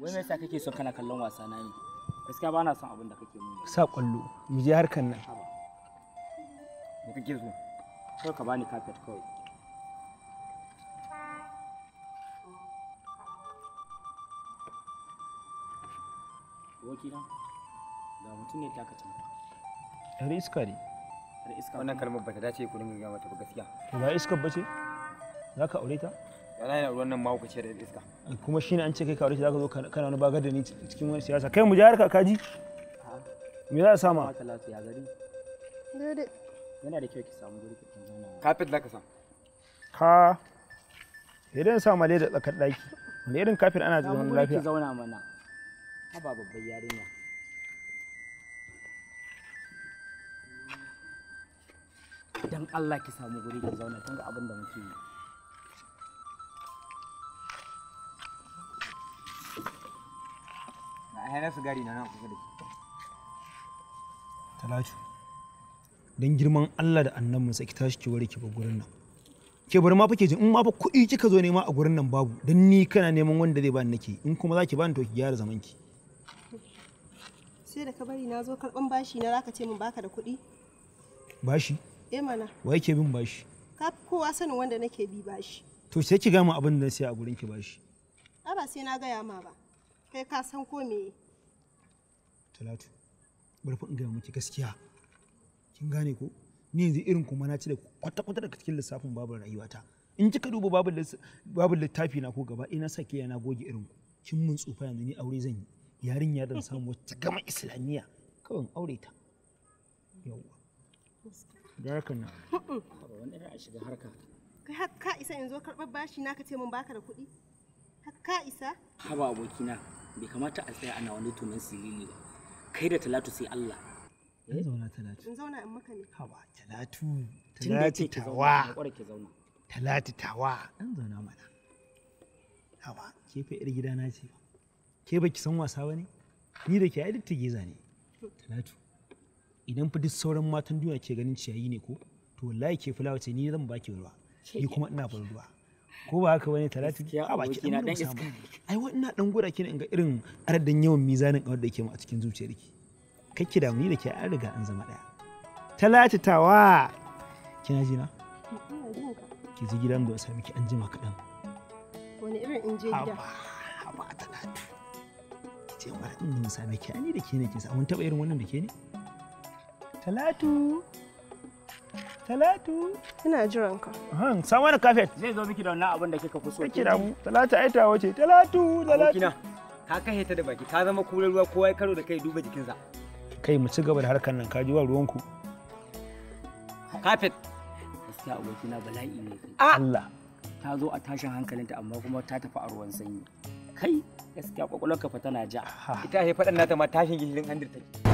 wai me yasa kake son kana kallon wasa na ne gaskiya ba na son abin da kake nuna sa kwallo mu je harkan nan me kake so kawai ka bani kafet kawai Woki na? Ga mutum ne taka can. Yar iska ne. Yar iska. Wannan kalmar ba ta dace ku dinga gaya mata ba gaskiya. Ba iskar ba ce? Za ka aure ta? wallahi na ruwan nan ma ku ce da iska kuma shine an ce kai kawo zaka zo kana wani bagar da ni cikin wani siyasa kai mu ji kaji me za a sama talatu ya gari yana da kyau ki samu guri ki zauna sa ka idan sa male da tsakar daki wani irin kafin ana zaman lafiya ki zauna mana babbar yarinya dan Allah ki samu guri ki zauna abin da muke yi hana sigari na nan kusa da shi talatu don girman Allah da annabin sa ki tashi ki ware ki ba gurin nan ke bari ma fa ke ji in ma fa kuɗi kika zo nema a gurin nan babu dan ni kana neman wanda zai ni nake in kuma zaki bani to ki gyara zaman ki sai da ka bari na zo karban bashi na zaka ce min baka da kuɗi bashi eh mana wai ke bin bashi ka fi kowa sanin wanda nake bi bashi to sai ki gama abin da sai a gurin ki bashi a ba sai na gaya ma ba kai ka san ko me Talatu, bari faɗin gaya miki gaskiya. Kin gane ko? Ni yanzu irin kuma na ci da kwata-kwata daga cikin lissafin babin rayuwata. In kika duba babin littafi na ko gaba ina sa ke yana goge irin ku. Kin mun tsufa yanzu ni aure zan yi. Yarinya dan samu wata gama islamiyya kawai in aure ta. Yawwa. Da haka na. Wani ra'a shiga harka. Kai ka isa yanzu karɓar bashi na ka ce mun baka da kuɗi? Ka isa? Haba abokina, bai kamata a tsaya ana wani tunan silili ba. kai da talatu sai Allah eh? zauna talatu in zauna in maka ne talatu talatu tawa talatu tawa in zauna mana ke fa gidana ce ke baki san wasa bane ni da ke ai ta ne talatu idan fa duk sauran matan duniya ke ganin ciyayi ne ko to wallahi ke fulawa ce ni zan baki ruwa ni kuma ina bar ruwa ko ba haka wani talatin a baki na dan iska ai wannan dan gura kina in ga irin aradan yawan mizanin kawar da ke mu a cikin zuciyar zuciyarki kake da ni da ke an riga an zama daya tawa. kina ji na ki ji gidan da sami miki an maka kaɗan wani irin in je gida haba talatu ki ce mara in sami ki ani da ke ne ki Mun taɓa irin wannan da ke ne talatu Talatu. Ina jiran ka. Han, san wani kafet. Zai zo miki da wannan abin da kika fi so. Kike mu Talatu ai tawo ce. Talatu, Talatu. Abokina, ka kashe ta da baki, ka zama kurar ruwa kowa ya karo da kai duba jikinsa. Kai mu ci gaba da harkan nan, ka ji wa ruwanku. Kafet. Gaskiya abokina bala'i ne. Ah! Allah. Ta zo a tashin hankalinta amma kuma ta tafi a ruwan sanyi. Kai, gaskiya kwakwalwarka fa tana ja. Ita haifaɗan nata ma tashin gishirin handir take.